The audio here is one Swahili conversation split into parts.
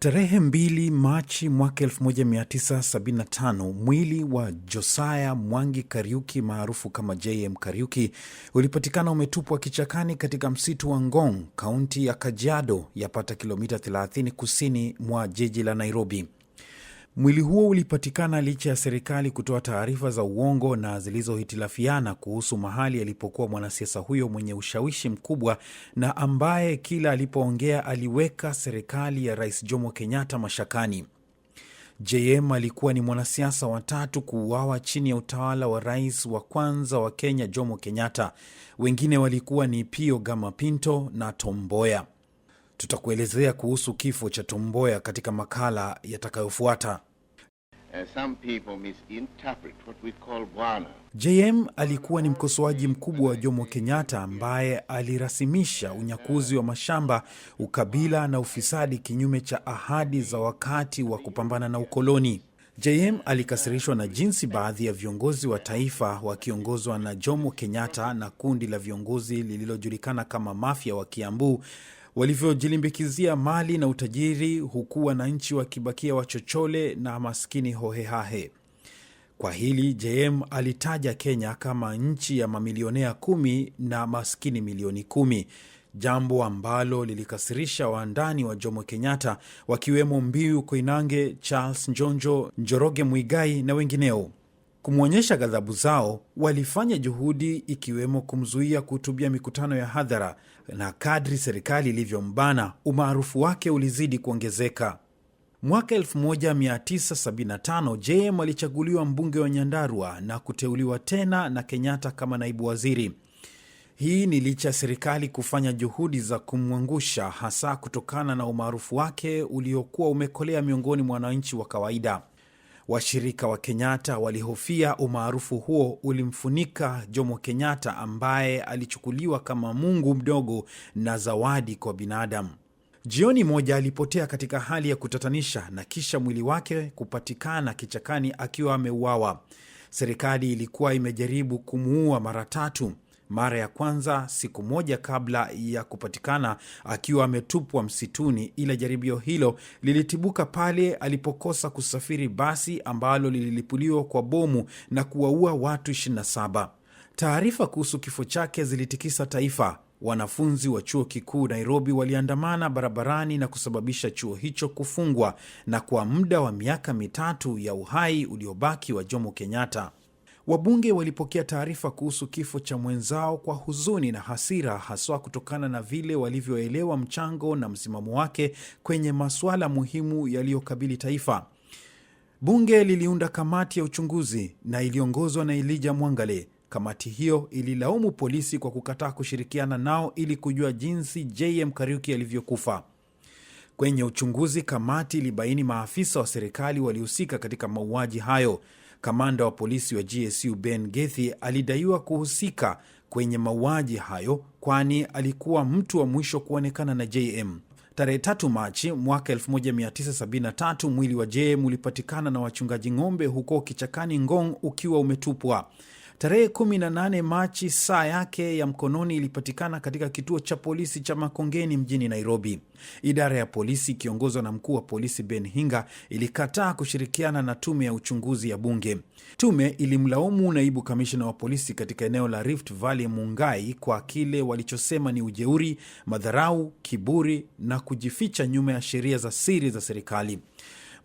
Tarehe 2 Machi mwaka 1975 mwili wa Josaya Mwangi Kariuki maarufu kama JM Kariuki ulipatikana umetupwa kichakani katika msitu wa Ngong, kaunti ya Kajiado, yapata kilomita 30 kusini mwa jiji la Nairobi. Mwili huo ulipatikana licha ya serikali kutoa taarifa za uongo na zilizohitilafiana kuhusu mahali alipokuwa mwanasiasa huyo mwenye ushawishi mkubwa na ambaye kila alipoongea aliweka serikali ya Rais Jomo Kenyatta mashakani. JM alikuwa ni mwanasiasa wa tatu kuuawa chini ya utawala wa rais wa kwanza wa Kenya, Jomo Kenyatta. Wengine walikuwa ni Pio Gama Pinto na Tomboya. Tutakuelezea kuhusu kifo cha Tomboya katika makala yatakayofuata. Uh, some people misinterpret what we call bwana. JM alikuwa ni mkosoaji mkubwa wa Jomo Kenyatta ambaye alirasimisha unyakuzi wa mashamba, ukabila na ufisadi kinyume cha ahadi za wakati wa kupambana na ukoloni. JM alikasirishwa na jinsi baadhi ya viongozi wa taifa wakiongozwa na Jomo Kenyatta na kundi la viongozi lililojulikana kama Mafia wa Kiambu walivyojilimbikizia mali na utajiri, huku wananchi wakibakia wachochole na maskini hohehahe. Kwa hili JM alitaja Kenya kama nchi ya mamilionea kumi na maskini milioni kumi, jambo ambalo lilikasirisha wandani wa Jomo Kenyatta, wakiwemo Mbiu Koinange, Charles Njonjo, Njoroge Mwigai na wengineo. Kumwonyesha ghadhabu zao, walifanya juhudi ikiwemo kumzuia kuhutubia mikutano ya hadhara, na kadri serikali ilivyombana, umaarufu wake ulizidi kuongezeka. Mwaka 1975 JM alichaguliwa mbunge wa Nyandarua na kuteuliwa tena na Kenyatta kama naibu waziri. Hii ni licha ya serikali kufanya juhudi za kumwangusha, hasa kutokana na umaarufu wake uliokuwa umekolea miongoni mwa wananchi wa kawaida. Washirika wa Kenyatta walihofia umaarufu huo ulimfunika Jomo Kenyatta ambaye alichukuliwa kama mungu mdogo na zawadi kwa binadamu. Jioni moja alipotea katika hali ya kutatanisha na kisha mwili wake kupatikana kichakani akiwa ameuawa. Serikali ilikuwa imejaribu kumuua mara tatu mara ya kwanza siku moja kabla ya kupatikana akiwa ametupwa msituni, ila jaribio hilo lilitibuka pale alipokosa kusafiri basi ambalo lililipuliwa kwa bomu na kuwaua watu 27. Taarifa kuhusu kifo chake zilitikisa taifa. Wanafunzi wa chuo kikuu Nairobi waliandamana barabarani na kusababisha chuo hicho kufungwa na kwa muda wa miaka mitatu ya uhai uliobaki wa Jomo Kenyatta. Wabunge walipokea taarifa kuhusu kifo cha mwenzao kwa huzuni na hasira, haswa kutokana na vile walivyoelewa mchango na msimamo wake kwenye masuala muhimu yaliyokabili taifa. Bunge liliunda kamati ya uchunguzi na iliongozwa na Elijah Mwangale. Kamati hiyo ililaumu polisi kwa kukataa kushirikiana nao ili kujua jinsi JM Kariuki alivyokufa. Kwenye uchunguzi, kamati ilibaini maafisa wa serikali walihusika katika mauaji hayo. Kamanda wa polisi wa GSU Ben Gethi alidaiwa kuhusika kwenye mauaji hayo, kwani alikuwa mtu wa mwisho kuonekana na JM. Tarehe 3 Machi mwaka 1973 mwili wa JM ulipatikana na wachungaji ng'ombe huko kichakani Ngong ukiwa umetupwa. Tarehe 18 Machi, saa yake ya mkononi ilipatikana katika kituo cha polisi cha Makongeni mjini Nairobi. Idara ya polisi ikiongozwa na mkuu wa polisi Ben Hinga ilikataa kushirikiana na tume ya uchunguzi ya bunge. Tume ilimlaumu naibu kamishina wa polisi katika eneo la Rift Valley Mungai kwa kile walichosema ni ujeuri, madharau, kiburi na kujificha nyuma ya sheria za siri za serikali.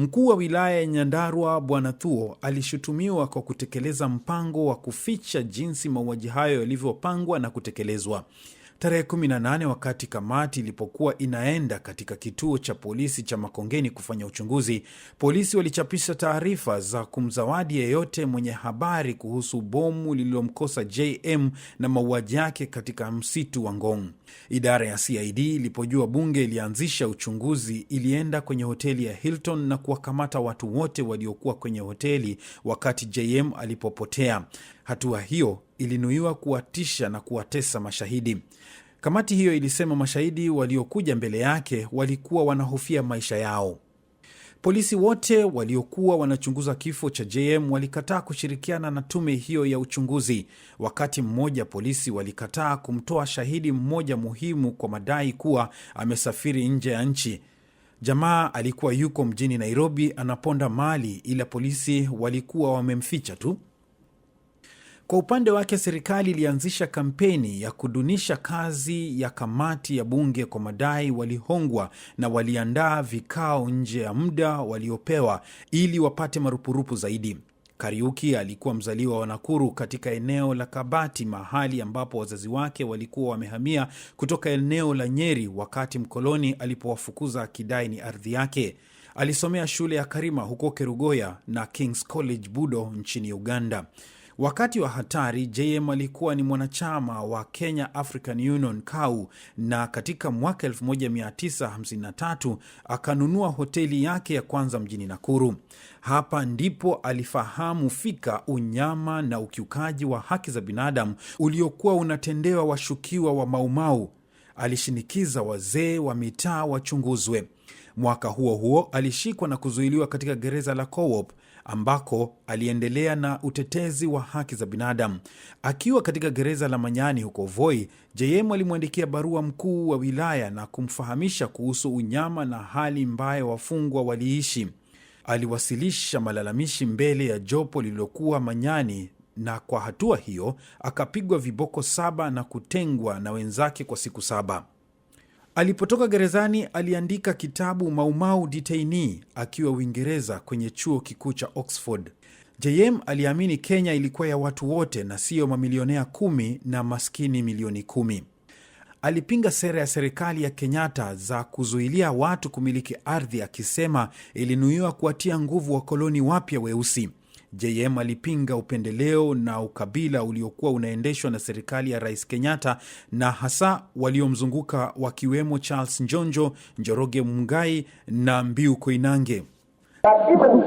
Mkuu wa wilaya ya Nyandarua Bwana Thuo alishutumiwa kwa kutekeleza mpango wa kuficha jinsi mauaji hayo yalivyopangwa na kutekelezwa tarehe 18 wakati kamati ilipokuwa inaenda katika kituo cha polisi cha Makongeni kufanya uchunguzi, polisi walichapisha taarifa za kumzawadi yeyote mwenye habari kuhusu bomu lililomkosa JM na mauaji yake katika msitu wa Ngong. Idara ya CID ilipojua bunge ilianzisha uchunguzi, ilienda kwenye hoteli ya Hilton na kuwakamata watu wote waliokuwa kwenye hoteli wakati JM alipopotea. Hatua hiyo ilinuiwa kuwatisha na kuwatesa mashahidi. Kamati hiyo ilisema mashahidi waliokuja mbele yake walikuwa wanahofia maisha yao. Polisi wote waliokuwa wanachunguza kifo cha JM walikataa kushirikiana na tume hiyo ya uchunguzi. Wakati mmoja, polisi walikataa kumtoa shahidi mmoja muhimu kwa madai kuwa amesafiri nje ya nchi. Jamaa alikuwa yuko mjini Nairobi anaponda mali, ila polisi walikuwa wamemficha tu. Kwa upande wake, serikali ilianzisha kampeni ya kudunisha kazi ya kamati ya bunge kwa madai walihongwa na waliandaa vikao nje ya muda waliopewa ili wapate marupurupu zaidi. Kariuki alikuwa mzaliwa wa Nakuru katika eneo la Kabati, mahali ambapo wazazi wake walikuwa wamehamia kutoka eneo la Nyeri wakati mkoloni alipowafukuza akidai ni ardhi yake. Alisomea shule ya Karima huko Kerugoya na King's College Budo nchini Uganda. Wakati wa hatari, JM alikuwa ni mwanachama wa Kenya African Union KAU, na katika mwaka 1953 akanunua hoteli yake ya kwanza mjini Nakuru. Hapa ndipo alifahamu fika unyama na ukiukaji wa haki za binadamu uliokuwa unatendewa washukiwa wa Maumau. Alishinikiza wazee wa mitaa wachunguzwe. Mwaka huo huo alishikwa na kuzuiliwa katika gereza la Coop ambako aliendelea na utetezi wa haki za binadamu. Akiwa katika gereza la Manyani huko Voi, JM alimwandikia barua mkuu wa wilaya na kumfahamisha kuhusu unyama na hali mbaya wafungwa waliishi. Aliwasilisha malalamishi mbele ya jopo lililokuwa Manyani na kwa hatua hiyo akapigwa viboko saba na kutengwa na wenzake kwa siku saba. Alipotoka gerezani aliandika kitabu Maumau Detainee akiwa Uingereza kwenye chuo kikuu cha Oxford. JM aliamini Kenya ilikuwa ya watu wote na siyo mamilionea kumi na maskini milioni kumi. Alipinga sera ya serikali ya Kenyatta za kuzuilia watu kumiliki ardhi, akisema ilinuiwa kuwatia nguvu wakoloni wapya weusi. JM alipinga upendeleo na ukabila uliokuwa unaendeshwa na serikali ya Rais Kenyatta na hasa waliomzunguka wakiwemo Charles Njonjo, Njoroge Mungai na Mbiu Koinange. even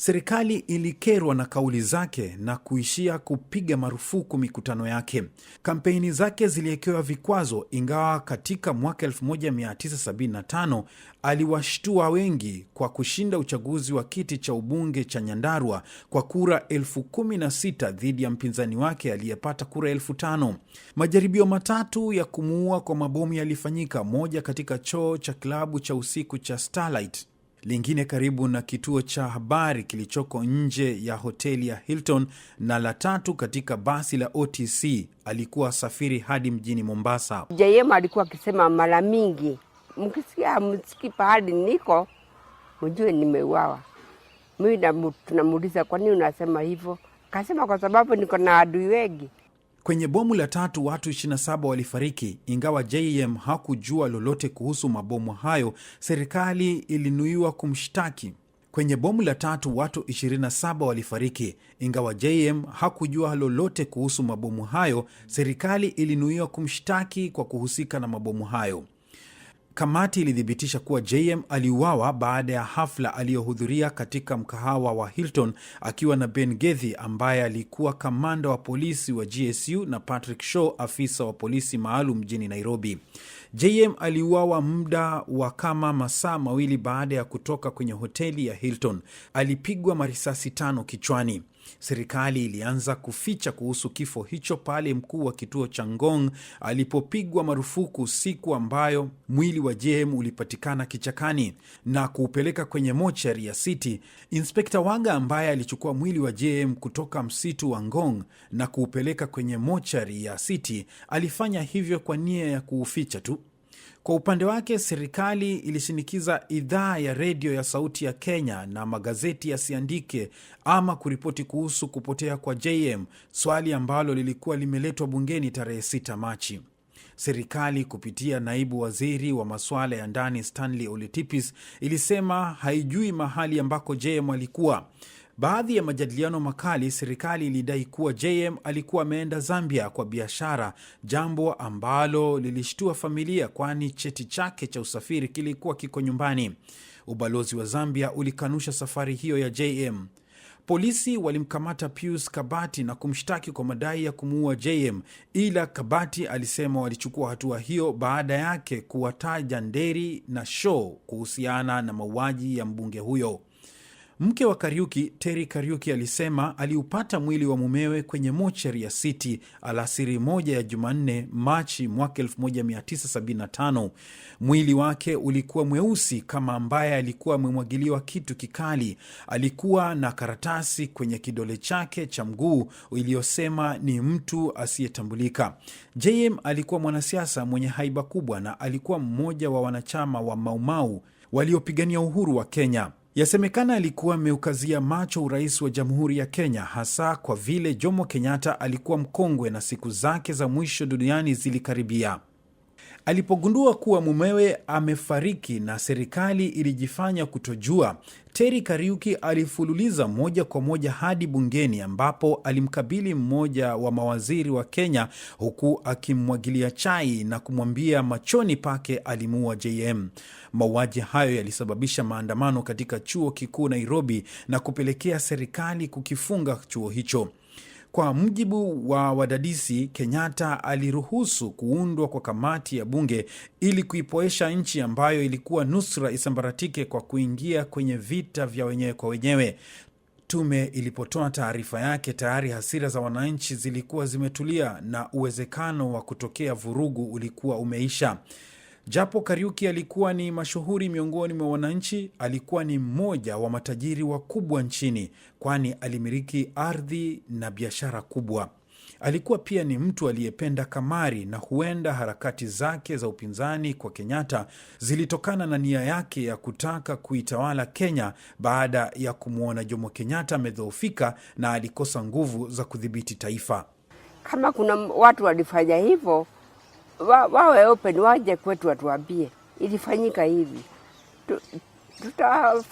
Serikali ilikerwa na kauli zake na kuishia kupiga marufuku mikutano yake. Kampeni zake ziliwekewa vikwazo, ingawa katika mwaka 1975 aliwashtua wengi kwa kushinda uchaguzi wa kiti cha ubunge cha Nyandarua kwa kura elfu kumi na sita dhidi ya mpinzani wake aliyepata kura elfu tano. Majaribio matatu ya kumuua kwa mabomu yalifanyika, moja katika choo cha klabu cha usiku cha Starlight lingine karibu na kituo cha habari kilichoko nje ya hoteli ya Hilton na la tatu katika basi la OTC. Alikuwa asafiri hadi mjini Mombasa. JM alikuwa akisema mara mingi, mkisikia msiki pahali niko mjue nimeuawa. Mimi tunamuuliza, kwa nini unasema hivyo? kasema kwa sababu niko na adui wengi. Kwenye bomu la tatu watu 27 walifariki. Ingawa JM hakujua lolote kuhusu mabomu hayo, serikali ilinuiwa kumshtaki. Kwenye bomu la tatu watu 27 walifariki. Ingawa JM hakujua lolote kuhusu mabomu hayo, serikali ilinuiwa kumshtaki kwa kuhusika na mabomu hayo. Kamati ilithibitisha kuwa JM aliuawa baada ya hafla aliyohudhuria katika mkahawa wa Hilton akiwa na Ben gethi ambaye alikuwa kamanda wa polisi wa GSU na Patrick Shaw afisa wa polisi maalum mjini Nairobi. JM aliuawa muda wa kama masaa mawili baada ya kutoka kwenye hoteli ya Hilton. Alipigwa marisasi tano kichwani. Serikali ilianza kuficha kuhusu kifo hicho pale mkuu wa kituo cha Ngong alipopigwa marufuku siku ambayo mwili wa JM ulipatikana kichakani na kuupeleka kwenye mochari ya City. Inspekta Waga ambaye alichukua mwili wa JM kutoka msitu wa Ngong na kuupeleka kwenye mochari ya City alifanya hivyo kwa nia ya kuuficha tu. Kwa upande wake, serikali ilishinikiza idhaa ya redio ya Sauti ya Kenya na magazeti yasiandike ama kuripoti kuhusu kupotea kwa JM, swali ambalo lilikuwa limeletwa bungeni tarehe 6 Machi. Serikali kupitia naibu waziri wa masuala ya ndani Stanley Oletipis ilisema haijui mahali ambako JM alikuwa. Baadhi ya majadiliano makali, serikali ilidai kuwa JM alikuwa ameenda Zambia kwa biashara, jambo ambalo lilishtua familia, kwani cheti chake cha usafiri kilikuwa kiko nyumbani. Ubalozi wa Zambia ulikanusha safari hiyo ya JM. Polisi walimkamata Pius Kabati na kumshtaki kwa madai ya kumuua JM, ila Kabati alisema walichukua hatua hiyo baada yake kuwataja Nderi na Shaw kuhusiana na mauaji ya mbunge huyo. Mke wa Kariuki, Terry Kariuki, alisema aliupata mwili wa mumewe kwenye mochari ya City alasiri moja ya Jumanne, Machi mwaka 1975. Mwili wake ulikuwa mweusi kama ambaye alikuwa amemwagiliwa kitu kikali. Alikuwa na karatasi kwenye kidole chake cha mguu iliyosema ni mtu asiyetambulika. JM alikuwa mwanasiasa mwenye haiba kubwa na alikuwa mmoja wa wanachama wa Maumau waliopigania uhuru wa Kenya. Yasemekana alikuwa ameukazia macho urais wa Jamhuri ya Kenya, hasa kwa vile Jomo Kenyatta alikuwa mkongwe na siku zake za mwisho duniani zilikaribia. Alipogundua kuwa mumewe amefariki na serikali ilijifanya kutojua, Terry Kariuki alifululiza moja kwa moja hadi bungeni ambapo alimkabili mmoja wa mawaziri wa Kenya huku akimwagilia chai na kumwambia machoni pake alimuua JM. Mauaji hayo yalisababisha maandamano katika chuo kikuu Nairobi na kupelekea serikali kukifunga chuo hicho. Kwa mujibu wa wadadisi, Kenyatta aliruhusu kuundwa kwa kamati ya bunge ili kuipoesha nchi ambayo ilikuwa nusra isambaratike kwa kuingia kwenye vita vya wenyewe kwa wenyewe. Tume ilipotoa taarifa yake, tayari hasira za wananchi zilikuwa zimetulia na uwezekano wa kutokea vurugu ulikuwa umeisha. Japo Kariuki alikuwa ni mashuhuri miongoni mwa wananchi, alikuwa ni mmoja wa matajiri wakubwa nchini, kwani alimiliki ardhi na biashara kubwa. Alikuwa pia ni mtu aliyependa kamari na huenda harakati zake za upinzani kwa Kenyatta zilitokana na nia yake ya kutaka kuitawala Kenya baada ya kumwona Jomo Kenyatta amedhoofika na alikosa nguvu za kudhibiti taifa. Kama kuna watu walifanya hivyo wa, wawe open waje kwetu watuambie ilifanyika hivi, tuta